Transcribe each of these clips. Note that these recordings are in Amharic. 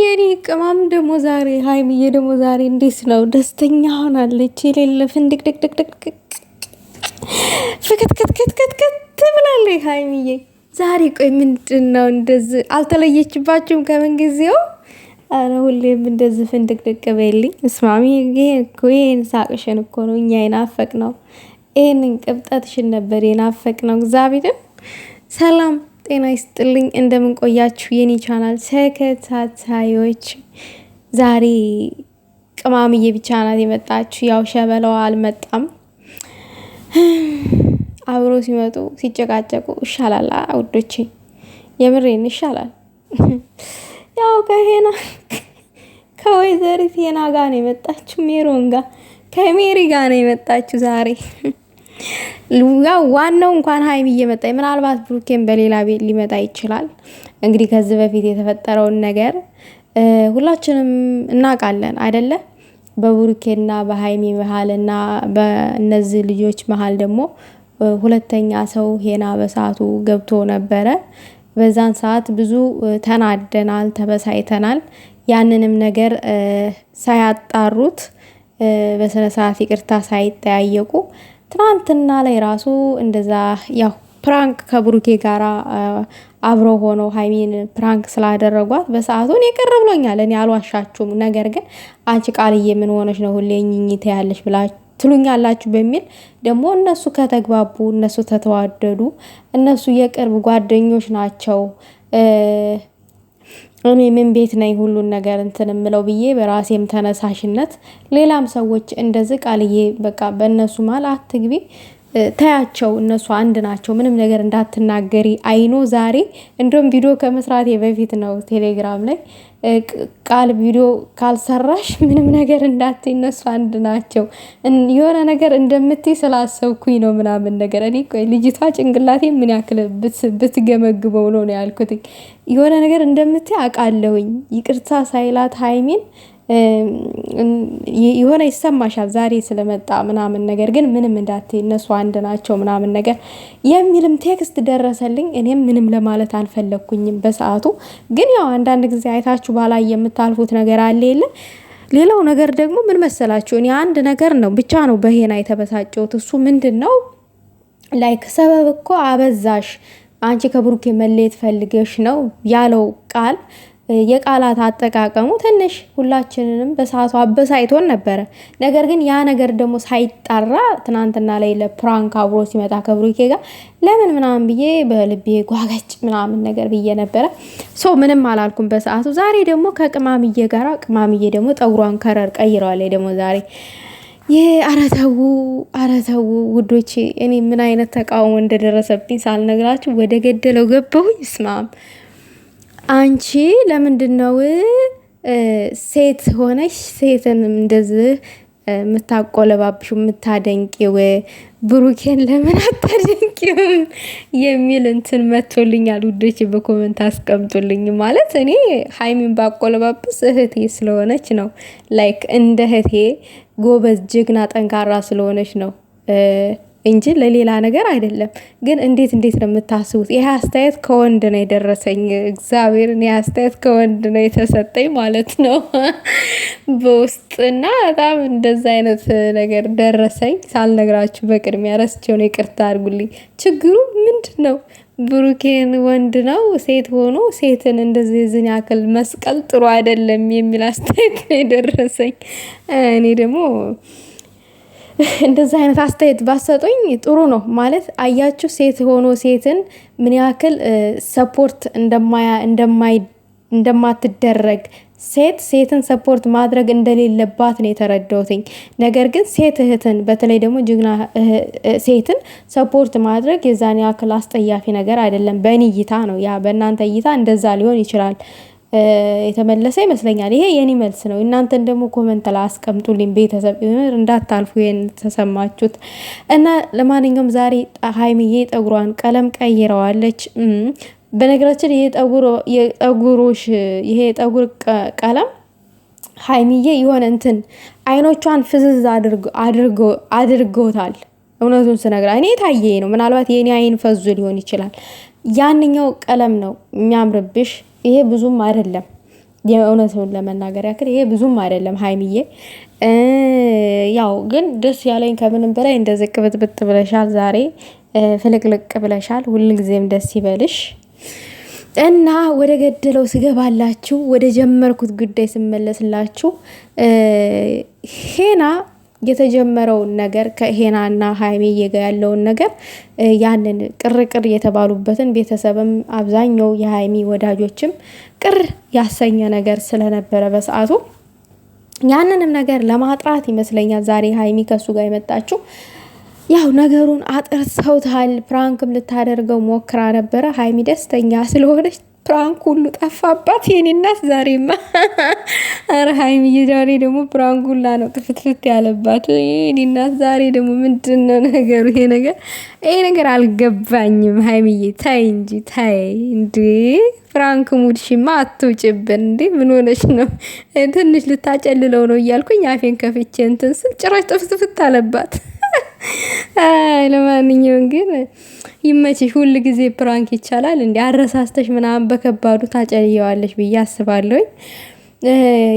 የኔ ቅማም ደግሞ ዛሬ ሀይሚዬ ደግሞ ዛሬ እንዴት ነው ደስተኛ ሆናለች። የሌለ ፍንድቅድቅድቅድቅ ፍክትክትክትክትክት ብላለች ሀይሚዬ ዛሬ። ቆይ ምንድን ነው እንደዚህ አልተለየችባችሁም? ከምን ጊዜው አረ ሁሌም እንደዚህ ፍንድቅድቅ በይልኝ። እስማሚ እኮ ይህን ሳቅሽን እኮ ነው እኛ የናፈቅ ነው። ይህንን ቅብጠትሽን ነበር የናፈቅ ነው። እግዚአብሔርም ሰላም ጤና ይስጥልኝ እንደምንቆያችሁ የኔ ቻናል ተከታታዮች፣ ዛሬ ቅማምዬ ብቻ ናት የመጣችሁ። ያው ሸበላዋ አልመጣም። አብሮ ሲመጡ ሲጨቃጨቁ ይሻላል ውዶቼ፣ የምሬን ይሻላል። ያው ከሄና ከወይዘሪት ሄና ጋር ነው የመጣችሁ፣ ሜሮን ጋር ከሜሪ ጋር ነው የመጣችሁ ዛሬ ያው ዋናው እንኳን ሀይሚ እየመጣ ምናልባት ብሩኬን በሌላ ቤት ሊመጣ ይችላል። እንግዲህ ከዚህ በፊት የተፈጠረውን ነገር ሁላችንም እናውቃለን አይደለ? በብሩኬና በሀይሚ መሀልና በእነዚህ ልጆች መሀል ደግሞ ሁለተኛ ሰው ሄና በሰዓቱ ገብቶ ነበረ። በዛን ሰዓት ብዙ ተናደናል፣ ተበሳይተናል። ያንንም ነገር ሳያጣሩት በስነ ስርዓት ይቅርታ ሳይጠያየቁ ትናንትና ላይ ራሱ እንደዛ ያው ፕራንክ ከብሩኬ ጋራ አብረው ሆነው ሀይሚን ፕራንክ ስላደረጓት በሰዓቱ እኔ ቅር ብሎኛል። እኔ አልዋሻችሁም። ነገር ግን አንቺ ቃልዬ ምን ሆነች ነው ሁሌ ኝኝተ ያለች ብላ ትሉኛላችሁ በሚል ደግሞ እነሱ ከተግባቡ እነሱ ተተዋደዱ እነሱ የቅርብ ጓደኞች ናቸው። እኔ ምን ቤት ነኝ ሁሉን ነገር እንትን የምለው ብዬ በራሴም ተነሳሽነት ሌላም ሰዎች እንደዚህ ቃልዬ በቃ በእነሱ መሀል አትግቢ ተያቸው፣ እነሱ አንድ ናቸው፣ ምንም ነገር እንዳትናገሪ አይኖ ዛሬ እንደውም ቪዲዮ ከመስራቴ በፊት ነው ቴሌግራም ላይ ቃል ቪዲዮ ካልሰራሽ ምንም ነገር እንዳት እነሱ አንድ ናቸው፣ የሆነ ነገር እንደምትይ ስላሰብኩኝ ነው ምናምን ነገር። እኔ ቆይ ልጅቷ ጭንቅላቴ ምን ያክል ብትገመግበው ነው ነው ያልኩት። የሆነ ነገር እንደምትይ አውቃለሁኝ፣ ይቅርታ ሳይላት ሀይሚን የሆነ ይሰማሻል ዛሬ ስለመጣ ምናምን ነገር ግን ምንም እንዳት እነሱ አንድ ናቸው ምናምን ነገር የሚልም ቴክስት ደረሰልኝ። እኔም ምንም ለማለት አልፈለግኩኝም በሰዓቱ። ግን ያው አንዳንድ ጊዜ አይታችሁ ባላይ የምታልፉት ነገር አለ የለ። ሌላው ነገር ደግሞ ምን መሰላችሁ? እኔ አንድ ነገር ነው ብቻ ነው በሄና የተበሳጨሁት። እሱ ምንድን ነው ላይክ ሰበብ እኮ አበዛሽ አንቺ ከብሩኬ መለየት ፈልገሽ ነው ያለው ቃል የቃላት አጠቃቀሙ ትንሽ ሁላችንንም በሰዓቱ አበሳይቶን ነበረ። ነገር ግን ያ ነገር ደግሞ ሳይጣራ ትናንትና ላይ ለፕራንክ አብሮ ሲመጣ ከብሩኬ ጋር ለምን ምናምን ብዬ በልቤ ጓገጭ ምናምን ነገር ብዬ ነበረ። ሶ ምንም አላልኩም በሰዓቱ። ዛሬ ደግሞ ከቅማምዬ ጋር ቅማምዬ ደግሞ ጠጉሯን ከረር ቀይረዋል ደግሞ ዛሬ ይህ አረተው አረተው ውዶች፣ እኔ ምን አይነት ተቃውሞ እንደደረሰብኝ ሳልነግራችሁ ወደ ገደለው ገባሁኝ። ስማም አንቺ ለምንድን ነው ሴት ሆነሽ ሴትን እንደዚህ የምታቆለባብሹ የምታደንቂው? ብሩኬን ለምን አታደንቂውም? የሚል እንትን መቶልኛል ውዶች፣ በኮመንት አስቀምጡልኝ። ማለት እኔ ሀይሚን ባቆለባብስ እህቴ ስለሆነች ነው። ላይክ እንደ እህቴ ጎበዝ፣ ጀግና፣ ጠንካራ ስለሆነች ነው። እንጂ ለሌላ ነገር አይደለም። ግን እንዴት እንዴት ነው የምታስቡት? ይህ አስተያየት ከወንድ ነው የደረሰኝ። እግዚአብሔርን ይህ አስተያየት ከወንድ ነው የተሰጠኝ ማለት ነው በውስጥና በጣም እንደዛ አይነት ነገር ደረሰኝ። ሳልነግራችሁ በቅድሚያ ረስቸውን ይቅርታ አድርጉልኝ። ችግሩ ምንድን ነው? ብሩኬን ወንድ ነው ሴት ሆኖ ሴትን እንደዚህ ዝን ያክል መስቀል ጥሩ አይደለም የሚል አስተያየት ነው የደረሰኝ። እኔ ደግሞ እንደዚህ አይነት አስተያየት ባሰጡኝ ጥሩ ነው። ማለት አያችሁ ሴት ሆኖ ሴትን ምን ያክል ሰፖርት እንደማትደረግ ሴት ሴትን ሰፖርት ማድረግ እንደሌለባት ነው የተረዳሁትኝ። ነገር ግን ሴት እህትን በተለይ ደግሞ ጅግና ሴትን ሰፖርት ማድረግ የዛን ያክል አስጠያፊ ነገር አይደለም፣ በእኔ እይታ ነው። ያ በእናንተ እይታ እንደዛ ሊሆን ይችላል። የተመለሰ ይመስለኛል። ይሄ የኔ መልስ ነው። እናንተን ደግሞ ኮመንት ላይ አስቀምጡልኝ ቤተሰብ እንዳታልፉ ይሄን ተሰማችሁት። እና ለማንኛውም ዛሬ ሀይሚዬ ጠጉሯን ቀለም ቀይረዋለች። በነገራችን ይሄ ጠጉሮሽ ይሄ ጠጉር ቀለም ሀይሚዬ የሆነ እንትን አይኖቿን ፍዝዝ አድርጎታል። እውነቱን ስነግራ እኔ የታየ ነው። ምናልባት የኔ አይን ፈዙ ሊሆን ይችላል። ያንኛው ቀለም ነው የሚያምርብሽ ይሄ ብዙም አይደለም። የእውነትን ለመናገር ያክል ይሄ ብዙም አይደለም ሀይሚዬ። ያው ግን ደስ ያለኝ ከምንም በላይ እንደ ዝቅ ብጥብጥ ብለሻል፣ ዛሬ ፍልቅልቅ ብለሻል። ሁልጊዜም ደስ ይበልሽ። እና ወደ ገደለው ስገባላችሁ ወደ ጀመርኩት ጉዳይ ስመለስላችሁ ሄና የተጀመረውን ነገር ከሄናና ሀይሜ የጋ ያለውን ነገር ያንን ቅርቅር የተባሉበትን ቤተሰብም አብዛኛው የሀይሚ ወዳጆችም ቅር ያሰኘ ነገር ስለነበረ በሰዓቱ ያንንም ነገር ለማጥራት ይመስለኛል ዛሬ ሀይሚ ከሱ ጋር የመጣችው። ያው ነገሩን አጥርተውታል። ፕራንክም ልታደርገው ሞክራ ነበረ። ሀይሚ ደስተኛ ስለሆነች ፕራንክ ሁሉ ጠፋባት የኔ እናት። ዛሬማ ኧረ ሀይሚዬ ዛሬ ደግሞ ፕራንክ ሁላ ነው ጥፍትፍት ያለባት የኔ እናት። ዛሬ ደግሞ ምንድን ነው ነገሩ? ይሄ ነገር ይሄ ነገር አልገባኝም። ሀይሚዬ ታይ እንጂ ታይ እንዴ! ፍራንክ ሙድ ሽማ አትውጭብን እንዴ! ምን ሆነች ነው? ትንሽ ልታጨልለው ነው እያልኩኝ አፌን ከፍቼ እንትን ስል ጭራሽ ጥፍትፍት አለባት። ለማንኛውም ግን ይመችሽ። ሁል ጊዜ ፕራንክ ይቻላል እንዲ አረሳስተሽ ምናምን በከባዱ ታጨልየዋለሽ ብዬ አስባለሁኝ።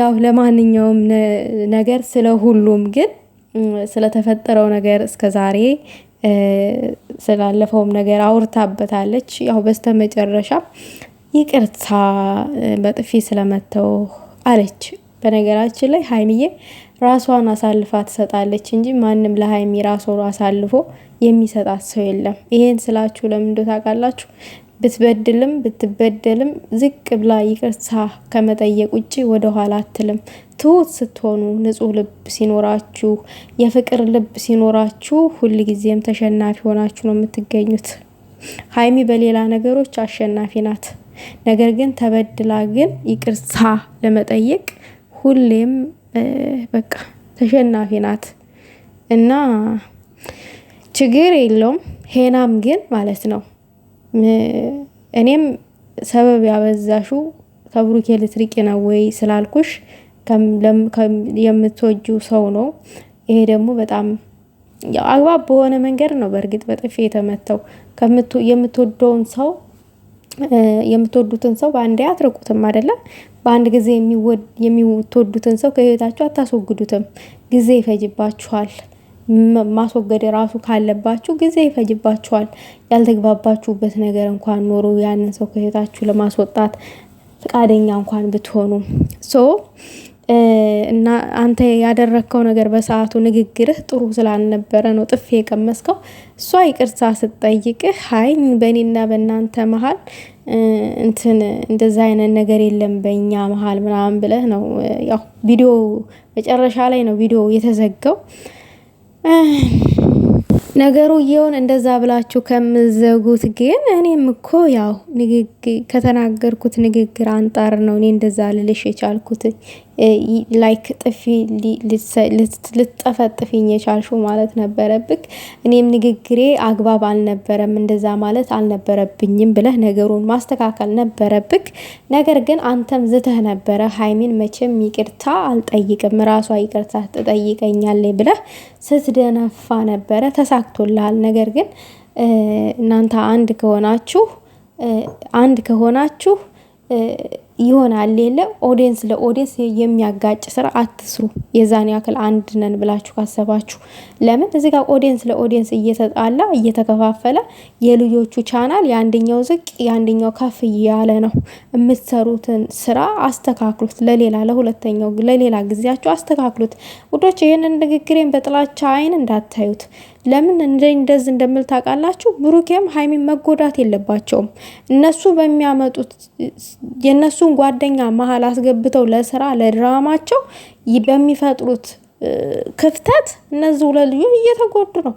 ያው ለማንኛውም ነገር ስለ ሁሉም ግን ስለተፈጠረው ነገር እስከ ዛሬ ስላለፈውም ነገር አውርታበታለች። ያው በስተ መጨረሻ ይቅርታ በጥፊ ስለመተው አለች። በነገራችን ላይ ሀይሚዬ ራሷን አሳልፋ ትሰጣለች እንጂ ማንም ለሀይሚ ራሱ አሳልፎ የሚሰጣት ሰው የለም። ይሄን ስላችሁ ለምን ዶ ታውቃላችሁ? ብትበድልም ብትበደልም ዝቅ ብላ ይቅርታ ከመጠየቅ ውጭ ወደኋላ አትልም። ትሁት ስትሆኑ፣ ንጹህ ልብ ሲኖራችሁ፣ የፍቅር ልብ ሲኖራችሁ፣ ሁል ጊዜም ተሸናፊ ሆናችሁ ነው የምትገኙት። ሀይሚ በሌላ ነገሮች አሸናፊ ናት። ነገር ግን ተበድላ ግን ይቅርታ ለመጠየቅ ሁሌም በቃ ተሸናፊ ናት እና ችግር የለውም። ሄናም ግን ማለት ነው እኔም ሰበብ ያበዛሹ ከብሩኬ ልትርቂ ነው ወይ ስላልኩሽ የምትወጁ ሰው ነው። ይሄ ደግሞ በጣም አግባብ በሆነ መንገድ ነው። በእርግጥ በጥፊ የተመተው የምትወደውን ሰው የምትወዱትን ሰው በአንዴ አትርቁትም አይደለም። በአንድ ጊዜ የምትወዱትን ሰው ከህይወታችሁ አታስወግዱትም። ጊዜ ይፈጅባችኋል። ማስወገድ ራሱ ካለባችሁ ጊዜ ይፈጅባችኋል። ያልተግባባችሁበት ነገር እንኳን ኖሮ ያንን ሰው ከህይወታችሁ ለማስወጣት ፈቃደኛ እንኳን ብትሆኑ ሶ እና አንተ ያደረግከው ነገር በሰዓቱ ንግግርህ ጥሩ ስላልነበረ ነው ጥፌ የቀመስከው። እሷ ይቅርታ ስትጠይቅህ ሀይ በእኔና በእናንተ መሀል እንትን እንደዛ አይነት ነገር የለም በእኛ መሀል ምናምን ብለህ ነው ያው ቪዲዮ መጨረሻ ላይ ነው ቪዲዮ የተዘጋው። ነገሩ እየሆን እንደዛ ብላችሁ ከምዘጉት ግን እኔም እኮ ያው ከተናገርኩት ንግግር አንጣር ነው እኔ እንደዛ ልልሽ የቻልኩት ላይክ ጥፊ ልትጠፈጥፊኝ የቻልሹ ማለት ነበረብክ። እኔም ንግግሬ አግባብ አልነበረም፣ እንደዛ ማለት አልነበረብኝም ብለህ ነገሩን ማስተካከል ነበረብክ። ነገር ግን አንተም ዝተህ ነበረ። ሀይሚን መቼም ይቅርታ አልጠይቅም ራሷ ይቅርታ ትጠይቀኛለች ብለህ ስትደነፋ ነበረ። ተሳክቶልሃል። ነገር ግን እናንተ አንድ ከሆናችሁ አንድ ከሆናችሁ ይሆናል የለ ኦዲየንስ ለኦዲየንስ የሚያጋጭ ስራ አትስሩ። የዛን ያክል አንድ ነን ብላችሁ ካሰባችሁ ለምን እዚህ ጋር ኦዲየንስ ለኦዲየንስ እየተጣላ እየተከፋፈለ የልጆቹ ቻናል የአንደኛው ዝቅ የአንደኛው ከፍ እያለ ነው። የምትሰሩትን ስራ አስተካክሉት። ለሌላ ለሁለተኛው ለሌላ ጊዜያችሁ አስተካክሉት። ውዶች ይህንን ንግግሬን በጥላቻ አይን እንዳታዩት። ለምን እንደ እንደዚህ እንደምል ታውቃላችሁ? ብሩኬም ሀይሚን መጎዳት የለባቸውም። እነሱ በሚያመጡት የእነሱን ጓደኛ መሀል አስገብተው ለስራ ለድራማቸው በሚፈጥሩት ክፍተት እነዚህ ሁለት ልጆች እየተጎዱ ነው።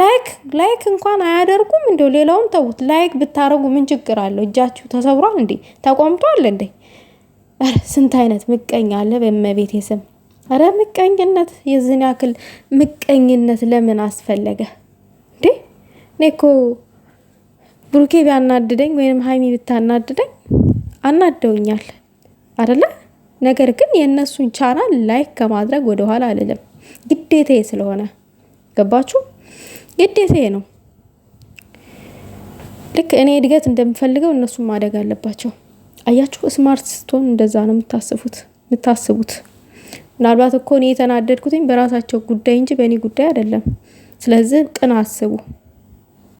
ላይክ ላይክ እንኳን አያደርጉም። እንደው ሌላውን ተዉት። ላይክ ብታደርጉ ምን ችግር አለው? እጃችሁ ተሰብሯል እንዴ? ተቆምጧል እንዴ? ስንት አይነት ምቀኛ አለ በእመቤቴ ስም። አረ ምቀኝነት የዚህን ያክል ምቀኝነት ለምን አስፈለገ እንዴ? እኔ እኮ ብሩኬ ቢያናድደኝ ወይም ሀይሚ ብታናድደኝ አናደውኛል አደለ? ነገር ግን የእነሱን ቻናል ላይክ ከማድረግ ወደኋላ አልልም። ግዴታዬ ስለሆነ ገባችሁ? ግዴታዬ ነው። ልክ እኔ እድገት እንደምፈልገው እነሱም ማደግ አለባቸው። አያችሁ፣ ስማርት ስትሆን እንደዛ ነው የምታስቡት። ምናልባት እኮ እኔ የተናደድኩትኝ በራሳቸው ጉዳይ እንጂ በእኔ ጉዳይ አይደለም። ስለዚህ ቅን አስቡ።